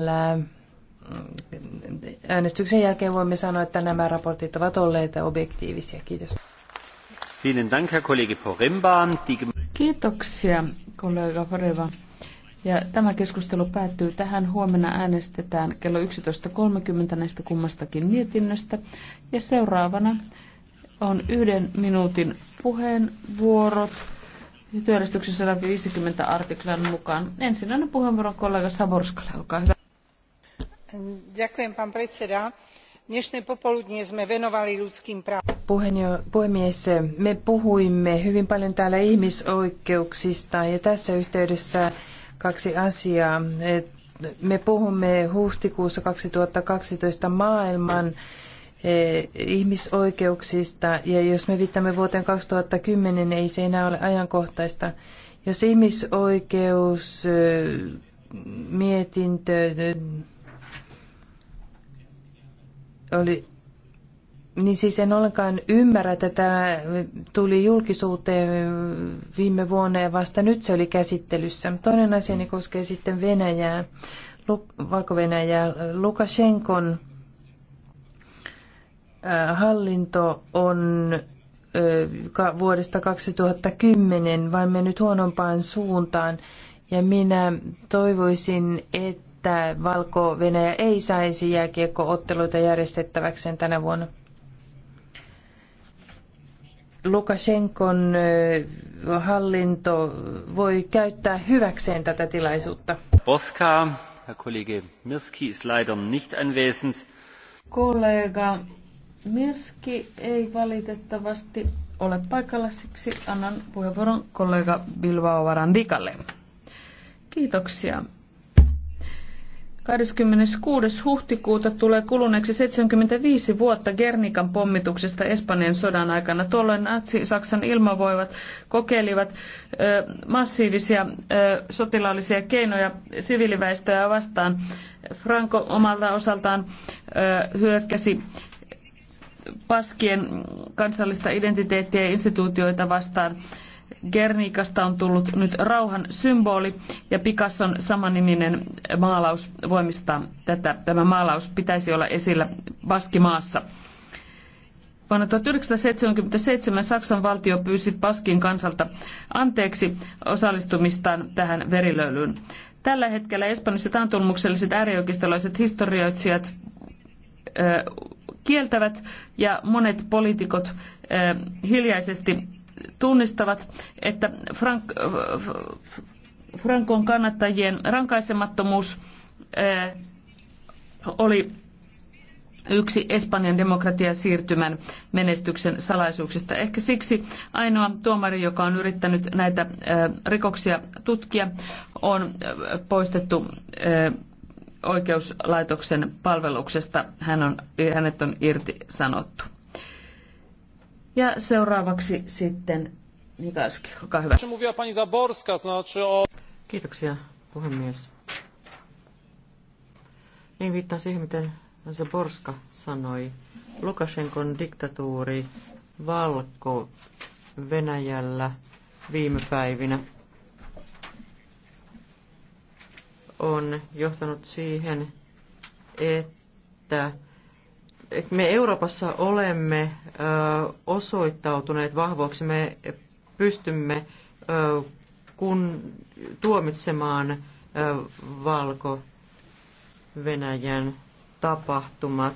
Mm, äänestyksen jälkeen voimme sanoa, että nämä raportit ovat olleet objektiivisia. Kiitos. Kiitoksia, kollega Foreva. Ja tämä keskustelu päättyy tähän. Huomenna äänestetään kello 11.30 näistä kummastakin mietinnöstä. Ja seuraavana on yhden minuutin puheenvuorot työjärjestyksen 150 artiklan mukaan. Ensinnäinen puheenvuoro kollega Saborskalle, olkaa hyvä dnešné popoludnie sme venovali ľudským právam. puhemies me puhuimme hyvin paljon täällä ihmisoikeuksista ja tässä yhteydessä kaksi asiaa. Me puhumme huhtikuussa 2012 maailman e, ihmisoikeuksista ja jos me viittamme vuoteen 2010, niin ei se enää ole ajankohtaista. Jos ihmisoikeus e, mietintö oli, niin siis en ollenkaan ymmärrä, että tämä tuli julkisuuteen viime vuonna ja vasta nyt se oli käsittelyssä. Toinen asia niin koskee sitten Venäjää, Valko-Venäjää. Lukashenkon äh, hallinto on äh, vuodesta 2010 vain mennyt huonompaan suuntaan. Ja minä toivoisin, että että Valko-Venäjä ei saisi jääkiekkootteluita järjestettäväkseen tänä vuonna. Lukashenkon hallinto voi käyttää hyväkseen tätä tilaisuutta. Boska, Herr Kollege Mirski ist leider nicht anwesend. Kollega Mirski ei valitettavasti ole paikalla, siksi annan puheenvuoron kollega Bilbao Varandikalle. Kiitoksia. 26. huhtikuuta tulee kuluneeksi 75 vuotta Gernikan pommituksesta Espanjan sodan aikana. Tuolloin Natsi-Saksan ilmavoivat kokeilivat ö, massiivisia ö, sotilaallisia keinoja siviiliväestöä vastaan. Franco omalta osaltaan ö, hyökkäsi Paskien kansallista identiteettiä ja instituutioita vastaan. Gernikasta on tullut nyt rauhan symboli ja Picasson samaniminen maalaus voimistaa tätä. Tämä maalaus pitäisi olla esillä Baskimaassa. Vuonna 1977 Saksan valtio pyysi Paskin kansalta anteeksi osallistumistaan tähän verilöylyyn. Tällä hetkellä Espanjassa taantumukselliset äärioikeistolaiset historioitsijat kieltävät ja monet poliitikot hiljaisesti tunnistavat, että Frank, Frankon kannattajien rankaisemattomuus eh, oli yksi Espanjan demokratia siirtymän menestyksen salaisuuksista. Ehkä siksi ainoa tuomari, joka on yrittänyt näitä eh, rikoksia tutkia, on eh, poistettu oikeuslaitoksen palveluksesta. Hän on, hänet on irtisanottu. Ja seuraavaksi sitten Nikaski, olkaa hyvä. Mówiła pani Zaborska, znaczy o... Kiitoksia, puhemies. Niin viittaan siihen, miten Zaborska sanoi. Lukashenkon diktatuuri Valko-Venäjällä viime päivinä on johtanut siihen, että me Euroopassa olemme osoittautuneet vahvoiksi, me pystymme kun tuomitsemaan Valko-Venäjän tapahtumat.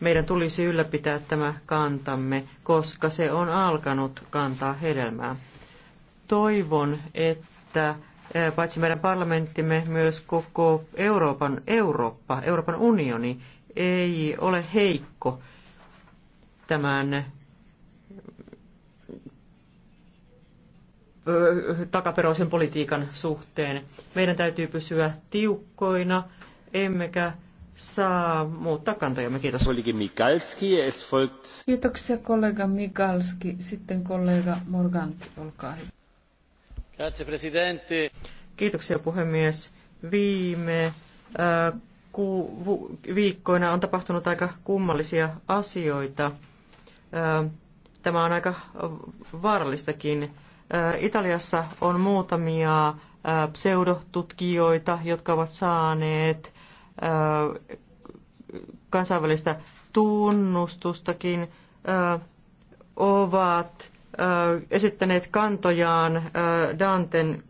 Meidän tulisi ylläpitää tämä kantamme, koska se on alkanut kantaa hedelmää. Toivon, että paitsi meidän parlamenttimme, myös koko Euroopan Eurooppa, Euroopan unioni ei ole heikko tämän takaperoisen politiikan suhteen. Meidän täytyy pysyä tiukkoina, emmekä saa muuttaa kantojamme. Kiitos. Mikalski, es folgt... Kiitoksia kollega Mikalski. Sitten kollega Morganti, olkaa hyvä. Grazie, presidente. Kiitoksia puhemies. Viime äh, viikkoina on tapahtunut aika kummallisia asioita. Tämä on aika vaarallistakin. Italiassa on muutamia pseudotutkijoita, jotka ovat saaneet kansainvälistä tunnustustakin, ovat esittäneet kantojaan Danten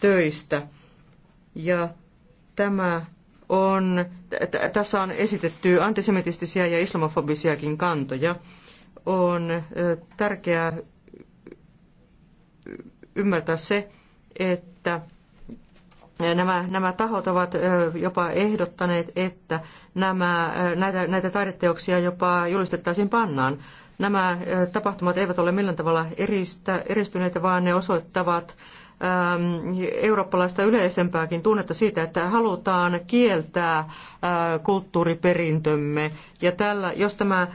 töistä – ja tämä on, tässä on esitetty antisemitistisiä ja islamofobisiakin kantoja. On tärkeää ymmärtää se, että nämä, nämä tahot ovat jopa ehdottaneet, että nämä, näitä, näitä taideteoksia jopa julistettaisiin pannaan. Nämä tapahtumat eivät ole millään tavalla eristä, eristyneitä, vaan ne osoittavat Ähm, eurooppalaista yleisempääkin tunnetta siitä, että halutaan kieltää äh, kulttuuriperintömme. Ja tällä, jos tämä ähm,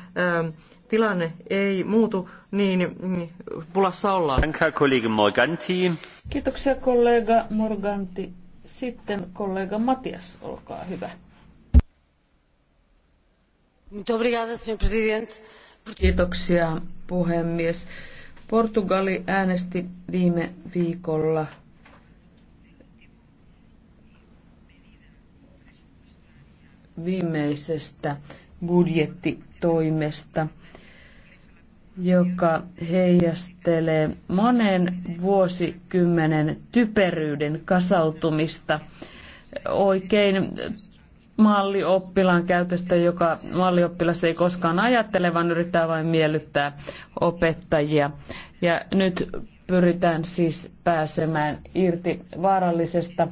tilanne ei muutu, niin mm, pulassa ollaan. Kiitoksia kollega Morganti. Sitten kollega Matias, olkaa hyvä. Kiitoksia puhemies. Portugali äänesti viime viikolla viimeisestä budjettitoimesta, joka heijastelee monen vuosikymmenen typeryyden kasautumista oikein mallioppilaan käytöstä, joka mallioppilas ei koskaan ajattele, vaan yrittää vain miellyttää opettajia. Ja nyt pyritään siis pääsemään irti vaarallisesta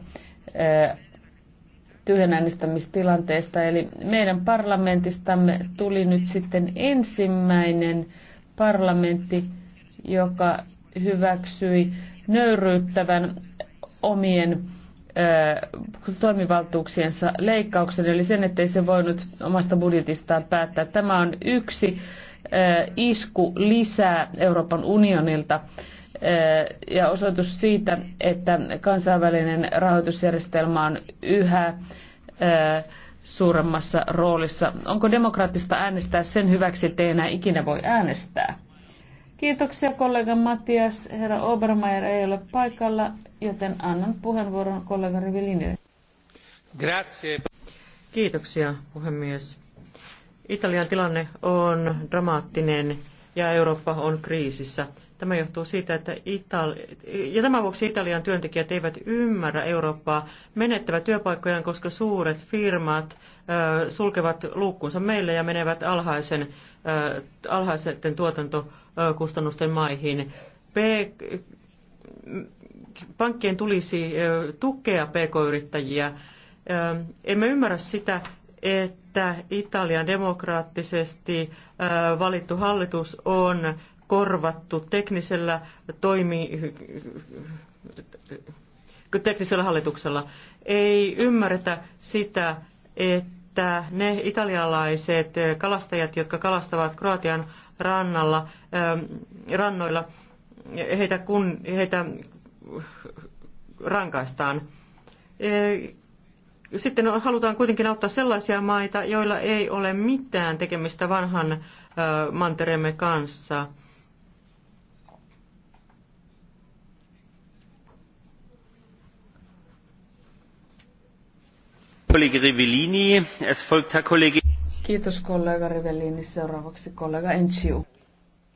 tyhjänäänistämistilanteesta. Eli meidän parlamentistamme tuli nyt sitten ensimmäinen parlamentti, joka hyväksyi nöyryyttävän omien toimivaltuuksiensa leikkauksen, eli sen, ettei se voinut omasta budjetistaan päättää. Tämä on yksi isku lisää Euroopan unionilta ja osoitus siitä, että kansainvälinen rahoitusjärjestelmä on yhä suuremmassa roolissa. Onko demokraattista äänestää sen hyväksi, että ei enää ikinä voi äänestää? Kiitoksia kollega Matias. Herra Obermeier ei ole paikalla, joten annan puheenvuoron kollega Rivelinille. Grazie. Kiitoksia puhemies. Italian tilanne on dramaattinen ja Eurooppa on kriisissä. Tämä johtuu siitä, että Itali- ja tämän vuoksi Italian työntekijät eivät ymmärrä Eurooppaa, menettävät työpaikkojaan, koska suuret firmat ö, sulkevat luukkunsa meille ja menevät alhaisen, ö, alhaisen tuotanto kustannusten maihin. Pankkien tulisi tukea pk-yrittäjiä. Emme ymmärrä sitä, että Italian demokraattisesti valittu hallitus on korvattu teknisellä toimi, teknisellä hallituksella. Ei ymmärretä sitä, että ne italialaiset kalastajat, jotka kalastavat Kroatian rannalla, ähm, rannoilla, heitä, kun, heitä rankaistaan. Sitten halutaan kuitenkin auttaa sellaisia maita, joilla ei ole mitään tekemistä vanhan mantereemme kanssa. Kollege Rivellini, es folgt Herr Kollege Kiitos kollega Rivellini. Seuraavaksi kollega Enciu.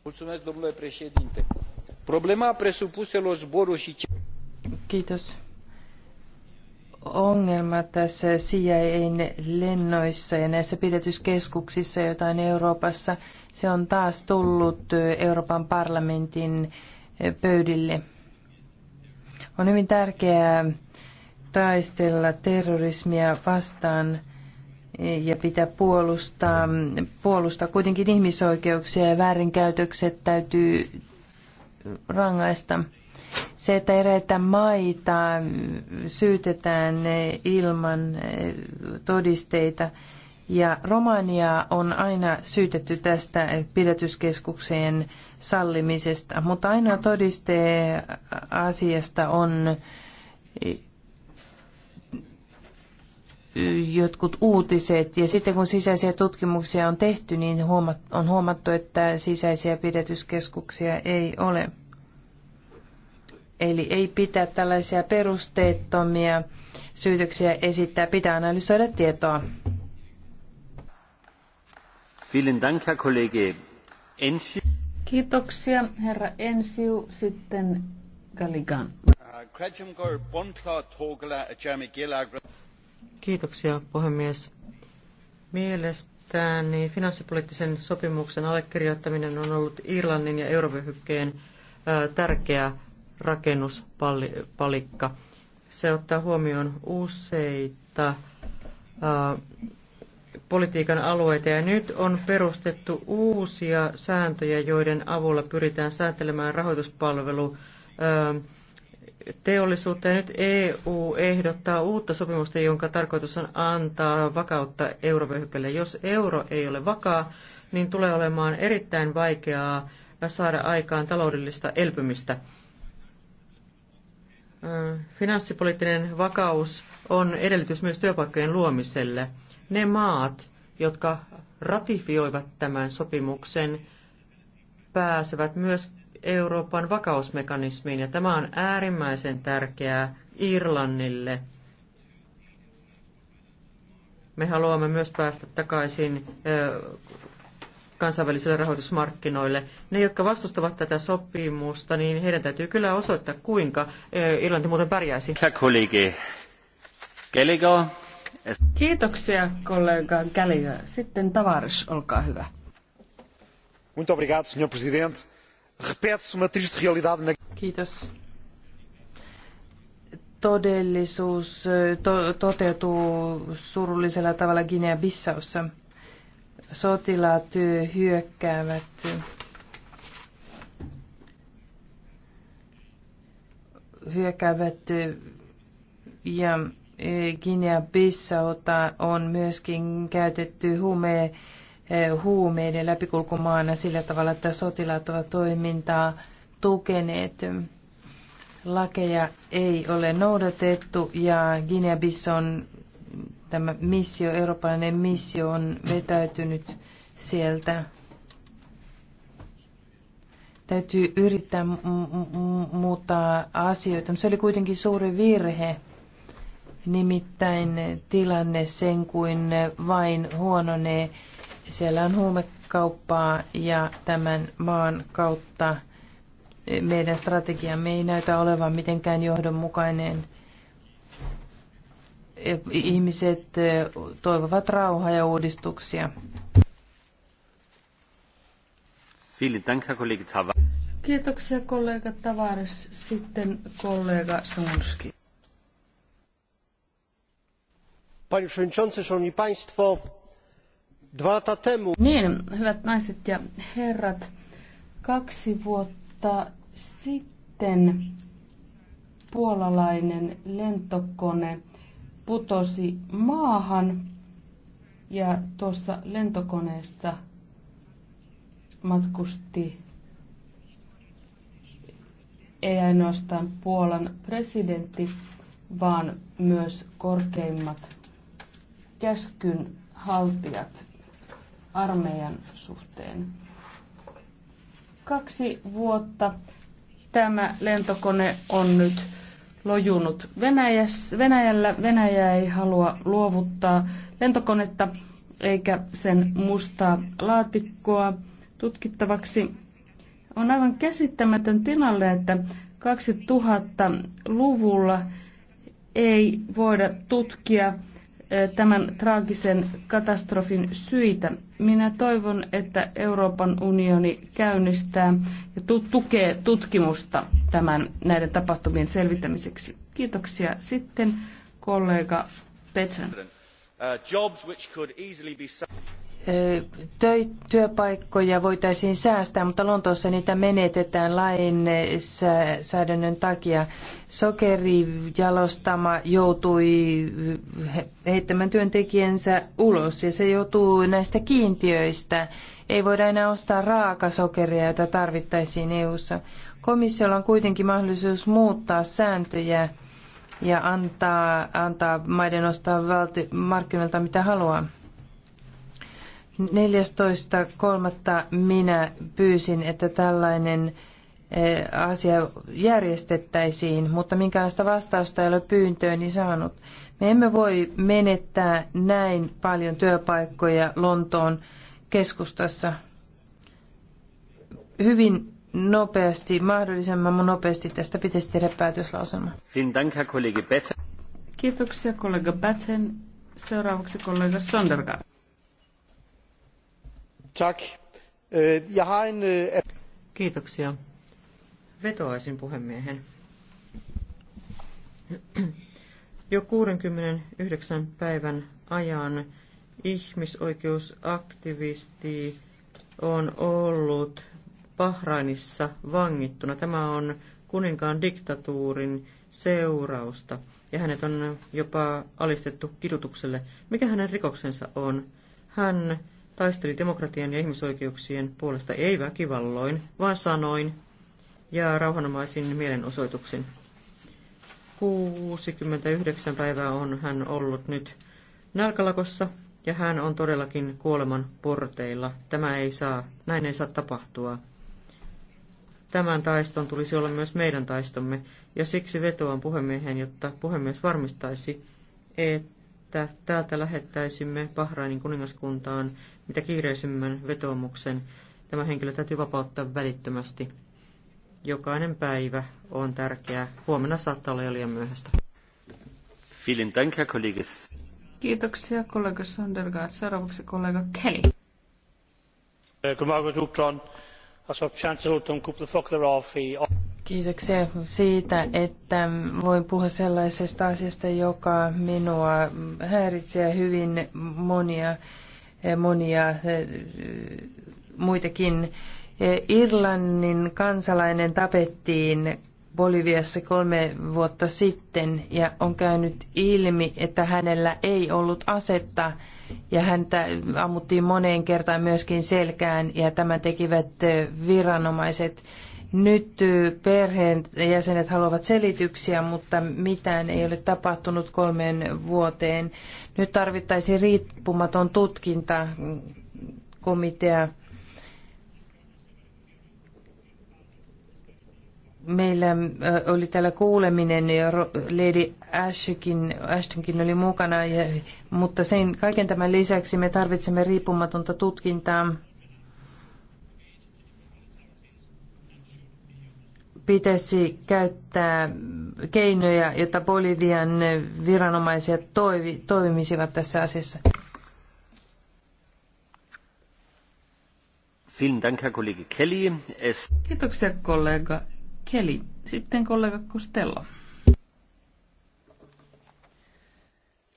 Mulțumesc, domnule președinte. Problema presupuselor zboruri și... Kiitos. Ongelma tässä cia lennoissa ja näissä pidetyskeskuksissa, joita on Euroopassa, se on taas tullut Euroopan parlamentin pöydille. On hyvin tärkeää taistella terrorismia vastaan – ja pitää puolustaa, puolustaa kuitenkin ihmisoikeuksia ja väärinkäytökset täytyy rangaista. Se, että eräitä maita syytetään ilman todisteita, ja Romania on aina syytetty tästä pidätyskeskukseen sallimisesta, mutta ainoa todiste asiasta on jotkut uutiset. Ja sitten kun sisäisiä tutkimuksia on tehty, niin on huomattu, että sisäisiä pidetyskeskuksia ei ole. Eli ei pitää tällaisia perusteettomia syytöksiä esittää, pitää analysoida tietoa. Kiitoksia, herra Ensiu. Sitten Galigan. Äh, Kiitoksia puhemies. Mielestäni finanssipoliittisen sopimuksen allekirjoittaminen on ollut Irlannin ja eurovyöhykkeen tärkeä rakennuspalikka. Se ottaa huomioon useita politiikan alueita ja nyt on perustettu uusia sääntöjä, joiden avulla pyritään sääntelemään rahoituspalvelu teollisuutta ja nyt EU ehdottaa uutta sopimusta, jonka tarkoitus on antaa vakautta eurovyöhykkeelle. Jos euro ei ole vakaa, niin tulee olemaan erittäin vaikeaa saada aikaan taloudellista elpymistä. Finanssipoliittinen vakaus on edellytys myös työpaikkojen luomiselle. Ne maat, jotka ratifioivat tämän sopimuksen, pääsevät myös Euroopan vakausmekanismiin, ja tämä on äärimmäisen tärkeää Irlannille. Me haluamme myös päästä takaisin kansainvälisille rahoitusmarkkinoille. Ne, jotka vastustavat tätä sopimusta, niin heidän täytyy kyllä osoittaa, kuinka Irlanti muuten pärjäisi. Kiitoksia kollega Kelly. Sitten tavaris, olkaa hyvä. Muito obrigado, senhor presidente. Kiitos. Todellisuus eh, to, toteutuu surullisella tavalla Guinea-Bissaussa. Sotilaat eh, hyökkäävät hyökkäävät eh, ja Guinea-Bissauta on myöskin käytetty hume Eh, huumeiden läpikulkumaana sillä tavalla, että sotilaat ovat toimintaa tukeneet. Lakeja ei ole noudatettu ja Guinea-Bisson tämä missio, eurooppalainen missio on vetäytynyt sieltä. Täytyy yrittää muuttaa asioita, mutta se oli kuitenkin suuri virhe. Nimittäin tilanne sen kuin vain huononee siellä on huumekauppaa ja tämän maan kautta meidän strategiamme ei näytä olevan mitenkään johdonmukainen. Ihmiset toivovat rauhaa ja uudistuksia. Kiitoksia kollega Tavares. Sitten kollega Sonski. Panie Przewodniczący, Szanowni Państwo! Dva temu. Niin, hyvät naiset ja herrat, kaksi vuotta sitten puolalainen lentokone putosi maahan ja tuossa lentokoneessa matkusti ei ainoastaan Puolan presidentti, vaan myös korkeimmat käskyn haltijat armeijan suhteen. Kaksi vuotta tämä lentokone on nyt lojunut Venäjässä, Venäjällä. Venäjä ei halua luovuttaa lentokonetta eikä sen mustaa laatikkoa tutkittavaksi. On aivan käsittämätön tilanne, että 2000-luvulla ei voida tutkia eh, tämän traagisen katastrofin syitä. Minä toivon, että Euroopan unioni käynnistää ja tukee tutkimusta tämän, näiden tapahtumien selvittämiseksi. Kiitoksia sitten kollega Petsen. Uh, työpaikkoja voitaisiin säästää, mutta Lontoossa niitä menetetään lainsäädännön takia. Sokerijalostama joutui heittämään työntekijänsä ulos ja se joutuu näistä kiintiöistä. Ei voida enää ostaa raakasokeria, jota tarvittaisiin EU-ssa. Komissiolla on kuitenkin mahdollisuus muuttaa sääntöjä ja antaa, antaa maiden ostaa valti, markkinoilta mitä haluaa. 14.3. minä pyysin, että tällainen eh, asia järjestettäisiin, mutta minkälaista vastausta ei ole pyyntööni saanut. Me emme voi menettää näin paljon työpaikkoja Lontoon keskustassa. Hyvin nopeasti, mahdollisimman nopeasti tästä pitäisi tehdä päätöslauselma. Kiitoksia kollega Batsen. Seuraavaksi kollega Sondergaard. E, e, Kiitoksia. Vetoaisin puhemiehen. Jo 69 päivän ajan ihmisoikeusaktivisti on ollut Bahrainissa vangittuna. Tämä on kuninkaan diktatuurin seurausta ja hänet on jopa alistettu kidutukselle. Mikä hänen rikoksensa on? Hän taisteli demokratian ja ihmisoikeuksien puolesta ei väkivalloin, vaan sanoin ja rauhanomaisin mielenosoituksin. 69 päivää on hän ollut nyt nälkälakossa ja hän on todellakin kuoleman porteilla. Tämä ei saa, näin ei saa tapahtua. Tämän taiston tulisi olla myös meidän taistomme, ja siksi vetoan puhemieheen, jotta puhemies varmistaisi, että että täältä lähettäisimme Bahrainin kuningaskuntaan mitä kiireisimmän vetoomuksen. Tämä henkilö täytyy vapauttaa välittömästi. Jokainen päivä on tärkeä. Huomenna saattaa olla jo liian myöhäistä. Kiitoksia kollega Sondergaard. Seuraavaksi kollega Kelly. Godmorgon, Uppdrag. Jag har haft chansen att Kiitoksia siitä, että voin puhua sellaisesta asiasta, joka minua häiritsee hyvin monia, monia eh, muitakin. Eh, Irlannin kansalainen tapettiin Boliviassa kolme vuotta sitten ja on käynyt ilmi, että hänellä ei ollut asetta ja häntä ammuttiin moneen kertaan myöskin selkään ja tämä tekivät eh, viranomaiset. Nyt perheen jäsenet haluavat selityksiä, mutta mitään ei ole tapahtunut kolmeen vuoteen. Nyt tarvittaisiin riippumaton tutkintakomitea. Meillä oli täällä kuuleminen ja Lady Ashkin, Ashtonkin oli mukana, ja, mutta sen, kaiken tämän lisäksi me tarvitsemme riippumatonta tutkintaa pitäisi käyttää keinoja, jotta Bolivian viranomaiset toivi, toimisivat tässä asiassa. Kiitoksia kollega Kelly. Sitten kollega Costello.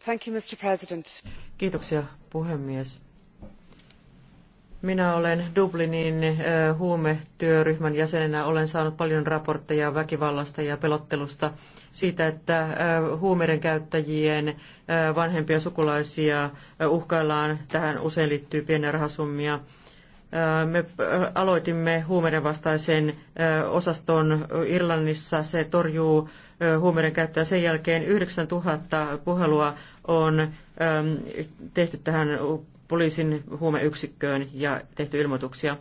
Thank you, Mr. President. Kiitoksia puhemies. Minä olen Dublinin huumetyöryhmän jäsenenä. Olen saanut paljon raportteja väkivallasta ja pelottelusta siitä, että huumeiden käyttäjien vanhempia sukulaisia uhkaillaan. Tähän usein liittyy pieniä rahasummia. Me aloitimme huumeiden vastaisen osaston Irlannissa. Se torjuu huumeiden käyttöä. Sen jälkeen 9000 puhelua on tehty tähän poliisin huumeyksikköön ja tehty ilmoituksia.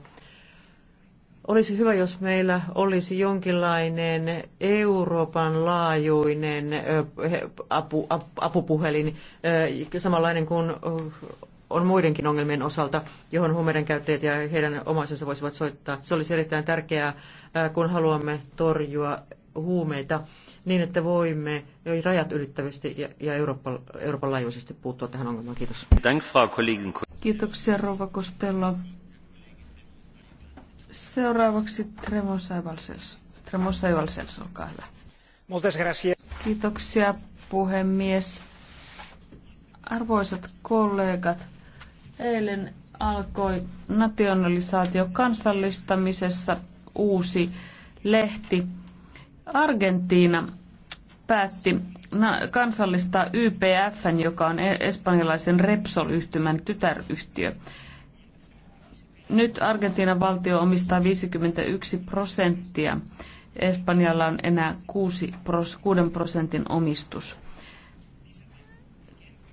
Olisi hyvä, jos meillä olisi jonkinlainen Euroopan laajuinen apu, ap, apupuhelin, samanlainen kuin on muidenkin ongelmien osalta, johon huumeiden käyttäjät ja heidän omaisensa voisivat soittaa. Se olisi erittäin tärkeää, kun haluamme torjua huumeita niin, että voimme rajat ylittävästi ja, ja Euroopan, Euroopan laajuisesti puuttua tähän ongelmaan. Kiitos. Kiitoksia Rova Kostello. Seuraavaksi Tremo Saivalsels. olkaa hyvä. Kiitoksia puhemies. Arvoisat kollegat, eilen alkoi nationalisaatio kansallistamisessa uusi lehti. Argentiina päätti kansallistaa YPF, joka on e-, espanjalaisen Repsol-yhtymän tytäryhtiö. Nyt Argentiinan valtio omistaa 51 prosenttia. Espanjalla on enää 6 prosentin omistus.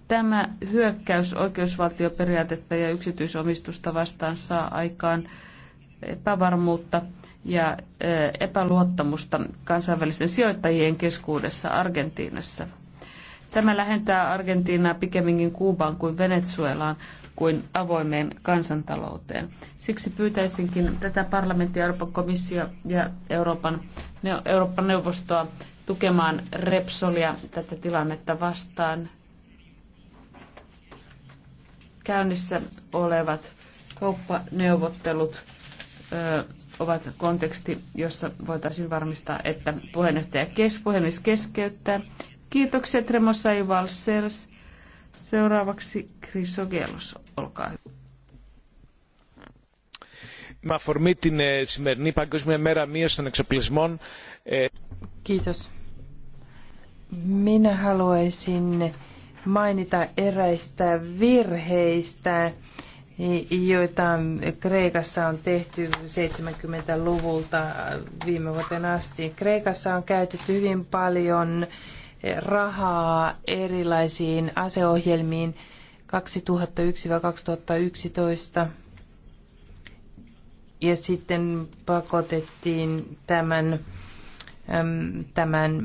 Tämä hyökkäys oikeusvaltioperiaatetta ja yksityisomistusta vastaan saa aikaan epävarmuutta – ja epäluottamusta kansainvälisten sijoittajien keskuudessa Argentiinassa. Tämä lähentää Argentiinaa pikemminkin Kuubaan kuin Venezuelaan kuin avoimeen kansantalouteen. Siksi pyytäisinkin tätä parlamentti, Euroopan komissio ja Euroopan, Euroopan neuvostoa tukemaan Repsolia tätä tilannetta vastaan. Käynnissä olevat kauppaneuvottelut ö, ovat konteksti, jossa voitaisiin varmistaa, että puheenjohtaja kes, puhemies keskeyttää. Kiitokset Remo Saivalsers. Seuraavaksi Ogelos, olkaa hyvä. Με αφορμή την σημερινή Παγκόσμια Μέρα Kiitos. Minä haluaisin mainita eräistä virheistä, joita Kreikassa on tehty 70-luvulta viime vuoteen asti. Kreikassa on käytetty hyvin paljon rahaa erilaisiin aseohjelmiin 2001-2011. Ja sitten pakotettiin tämän, tämän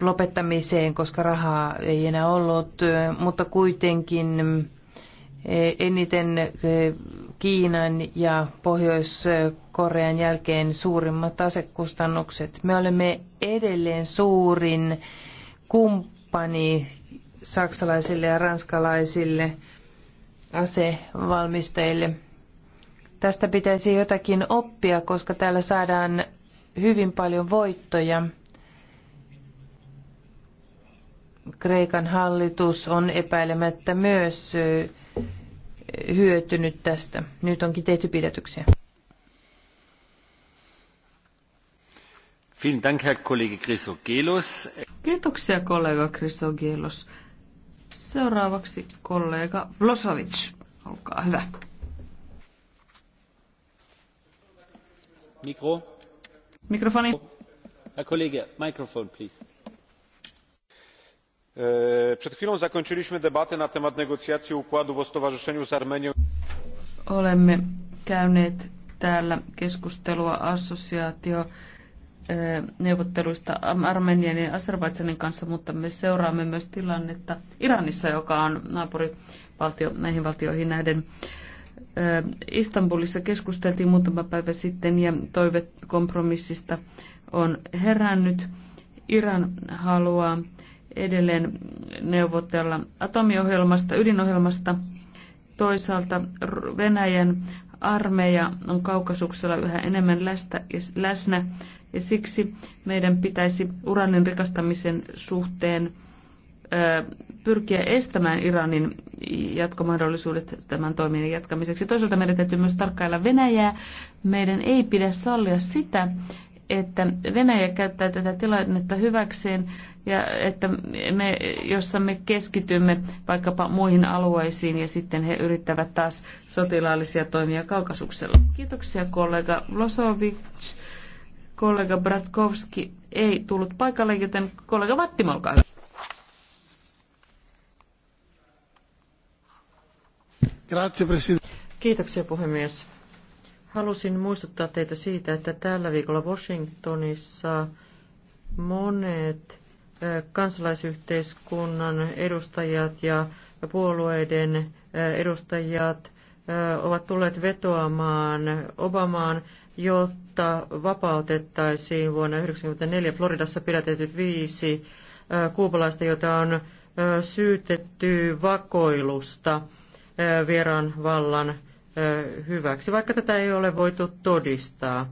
lopettamiseen, koska rahaa ei enää ollut, mutta kuitenkin eniten eh, Kiinan ja Pohjois-Korean jälkeen suurimmat asekustannukset. Me olemme edelleen suurin kumppani saksalaisille ja ranskalaisille asevalmistajille. Tästä pitäisi jotakin oppia, koska täällä saadaan hyvin paljon voittoja. Kreikan hallitus on epäilemättä myös eh, hyötynyt tästä. Nyt onkin tehty pidätyksiä. Kiitoksia kollega Chrisogelos. Seuraavaksi kollega Vlosovic. Olkaa hyvä. Mikro. Mikrofoni. Herr Kollege, microphone please. E, przed chwilą zakończyliśmy debatę na temat negocjacji układów o stowarzyszeniu z armenią olemme käyneet täällä keskustelua assosiaatio e, neuvotteluista Armenian ja Azerbaidsanin kanssa, mutta me seuraamme myös tilannetta Iranissa, joka on naapurivaltio näihin valtioihin nähden. E, Istanbulissa keskusteltiin muutama päivä sitten ja toive kompromissista on herännyt. Iran haluaa edelleen neuvotella atomiohjelmasta, ydinohjelmasta. Toisaalta Venäjän armeija on kaukasuksella yhä enemmän lästä, läsnä ja siksi meidän pitäisi uranin rikastamisen suhteen pyrkiä estämään Iranin jatkomahdollisuudet tämän toiminnan jatkamiseksi. Toisaalta meidän täytyy myös tarkkailla Venäjää. Meidän ei pidä sallia sitä, että Venäjä käyttää tätä tilannetta hyväkseen ja että me, jossa me keskitymme vaikkapa muihin alueisiin ja sitten he yrittävät taas sotilaallisia toimia kaukasuksella. Kiitoksia kollega Vlosovic. Kollega Bratkovski ei tullut paikalle, joten kollega Vattimo, olkaa hyvä. Kiitoksia puhemies. Halusin muistuttaa teitä siitä, että tällä viikolla Washingtonissa monet kansalaisyhteiskunnan edustajat ja puolueiden edustajat ovat tulleet vetoamaan Obamaan, jotta vapautettaisiin vuonna 1994 Floridassa pidätetyt viisi kuubalaista, joita on syytetty vakoilusta vieraan vallan hyväksi, vaikka tätä ei ole voitu todistaa.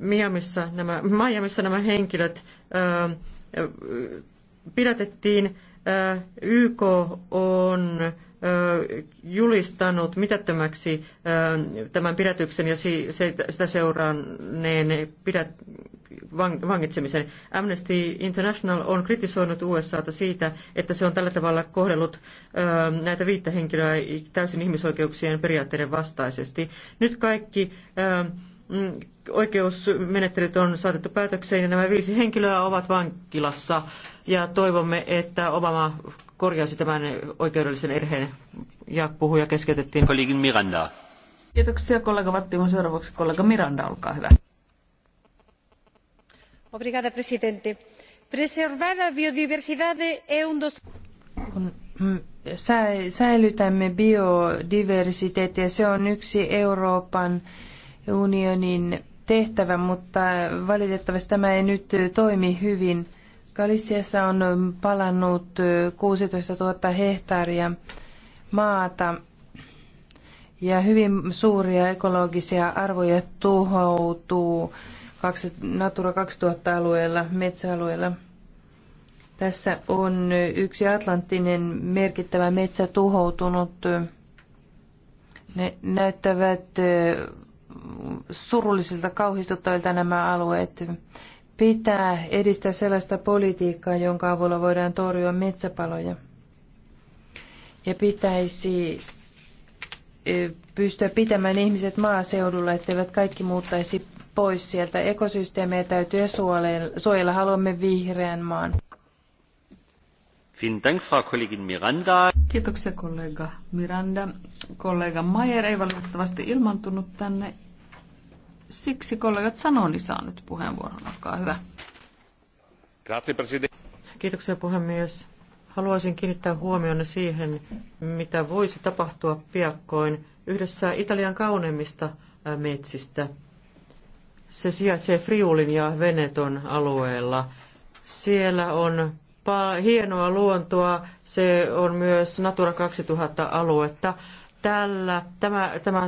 Miamissa nämä, Miamiissa nämä henkilöt ö, pidätettiin. Ö, YK on ö, julistanut mitättömäksi ö, tämän pidätyksen ja si, se, sitä seuranneen pidät, van, vangitsemisen. Amnesty International on kritisoinut USAta siitä, että se on tällä tavalla kohdellut ö, näitä viittä henkilöä täysin ihmisoikeuksien periaatteiden vastaisesti. Nyt kaikki... Ö, Mm, oikeusmenettelyt on saatettu päätökseen ja nämä viisi henkilöä ovat vankilassa ja toivomme, että Obama korjaisi tämän oikeudellisen erheen ja puhuja keskeytettiin. Kollegin Miranda. Kiitoksia kollega Vattimo. Seuraavaksi kollega Miranda, olkaa hyvä. Obrigada, presidente. Preservar la biodiversidade é un dos... Mm, säilytämme biodiversiteettiä. Se on yksi Euroopan unionin tehtävä, mutta valitettavasti tämä ei nyt toimi hyvin. Galiciassa on palannut 16 000 hehtaaria maata ja hyvin suuria ekologisia arvoja tuhoutuu Natura 2000-alueella, metsäalueella. Tässä on yksi atlanttinen merkittävä metsä tuhoutunut. Ne näyttävät surullisilta, kauhistuttavilta nämä alueet. Pitää edistää sellaista politiikkaa, jonka avulla voidaan torjua metsäpaloja. Ja pitäisi e, pystyä pitämään ihmiset maaseudulla, etteivät kaikki muuttaisi pois sieltä. Ekosysteemejä täytyy suojella. Haluamme vihreän maan. Kiitoksia kollega Miranda. Kollega Mayer ei valitettavasti ilmantunut tänne. Siksi kollegat Sanoni niin saa nyt puheenvuoron. Olkaa hyvä. Kiitoksia puhemies. Haluaisin kiinnittää huomioon siihen, mitä voisi tapahtua piakkoin yhdessä Italian kauneimmista metsistä. Se sijaitsee Friulin ja Veneton alueella. Siellä on hienoa luontoa, se on myös Natura 2000-aluetta. Tällä, tämä, tämä,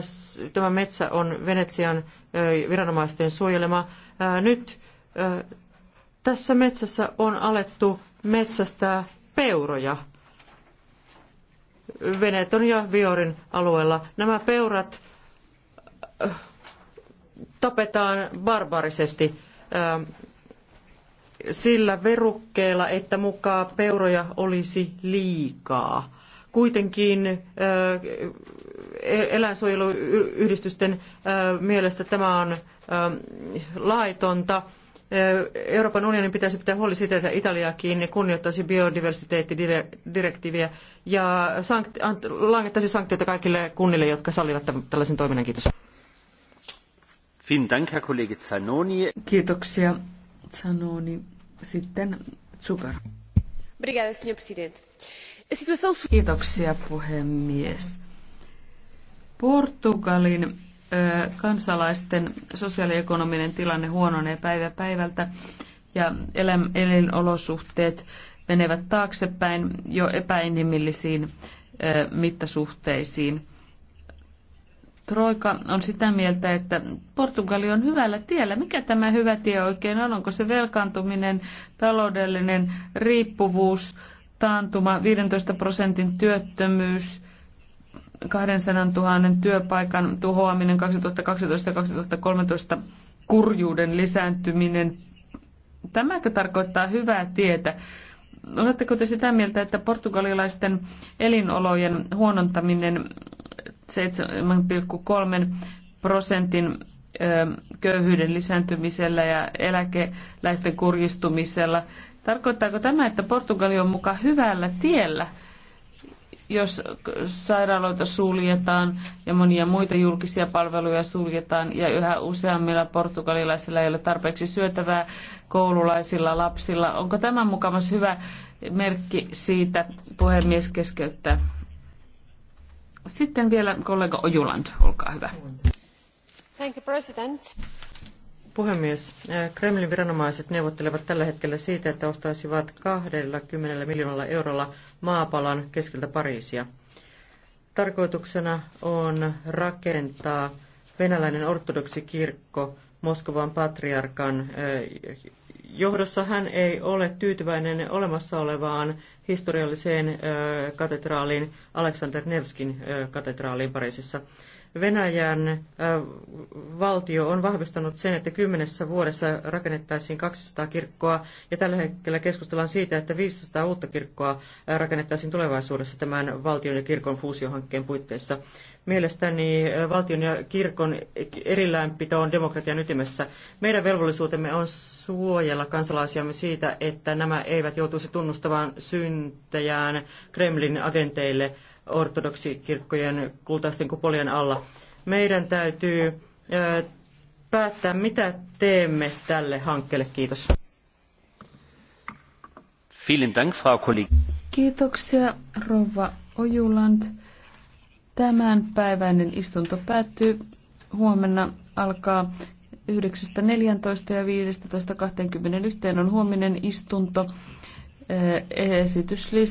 tämä metsä on Venetsian viranomaisten suojelema. Nyt tässä metsässä on alettu metsästää peuroja. Veneton ja Viorin alueella. Nämä peurat tapetaan barbaarisesti sillä verukkeella, että mukaan peuroja olisi liikaa. Kuitenkin e, eläinsuojeluyhdistysten mielestä tämä on laitonta. Euroopan unionin pitäisi pitää huoli siitä, että Italiakin kunnioittaisi biodiversiteettidirektiiviä ja sankti- langettaisi sanktioita kaikille kunnille, jotka sallivat tällaisen toiminnan. Kiitos. Kiitoksia, Zanoni. Sitten Zucker. Presidente. Kiitoksia puhemies. Portugalin kansalaisten sosiaaliekonominen tilanne huononee päivä päivältä ja elinolosuhteet menevät taaksepäin jo epäinhimillisiin mittasuhteisiin. Troika on sitä mieltä, että Portugali on hyvällä tiellä. Mikä tämä hyvä tie oikein on? Onko se velkaantuminen, taloudellinen riippuvuus, taantuma, 15 prosentin työttömyys, 200 000 työpaikan tuhoaminen 2012-2013, kurjuuden lisääntyminen. Tämäkö tarkoittaa hyvää tietä? Oletteko te sitä mieltä, että portugalilaisten elinolojen huonontaminen 7,3 prosentin köyhyyden lisääntymisellä ja eläkeläisten kurjistumisella. Tarkoittaako tämä, että Portugali on mukaan hyvällä tiellä, jos sairaaloita suljetaan ja monia muita julkisia palveluja suljetaan ja yhä useammilla portugalilaisilla ei ole tarpeeksi syötävää koululaisilla lapsilla? Onko tämä mukavasti hyvä merkki siitä puhemies keskeyttää? Sitten vielä kollega Ojuland, olkaa hyvä. Thank you, President. Puhemies, eh, Kremlin viranomaiset neuvottelevat tällä hetkellä siitä, että ostaisivat 20 miljoonalla eurolla maapalan keskeltä Pariisia. Tarkoituksena on rakentaa venäläinen ortodoksikirkko Moskovan patriarkan eh, johdossa. Hän ei ole tyytyväinen olemassa olevaan historialliseen eh, katedraaliin, Aleksander Nevskin katedraaliin Pariisissa. Venäjän valtio on vahvistanut sen, että kymmenessä vuodessa rakennettaisiin 200 kirkkoa, ja tällä hetkellä keskustellaan siitä, että 500 uutta kirkkoa rakennettaisiin tulevaisuudessa tämän valtion ja kirkon fuusiohankkeen puitteissa. Mielestäni valtion ja kirkon erilläänpito on demokratian ytimessä. Meidän velvollisuutemme on suojella kansalaisiamme siitä, että nämä eivät joutuisi tunnustamaan syntejään Kremlin agenteille ortodoksikirkkojen kultaisten kupolien alla. Meidän täytyy päättää, mitä teemme tälle hankkeelle. Kiitos. Kiitoksia, rouva Ojuland. Tämänpäiväinen istunto päättyy. Huomenna alkaa 9.14 ja 15.21 on huominen istunto. Esityslista.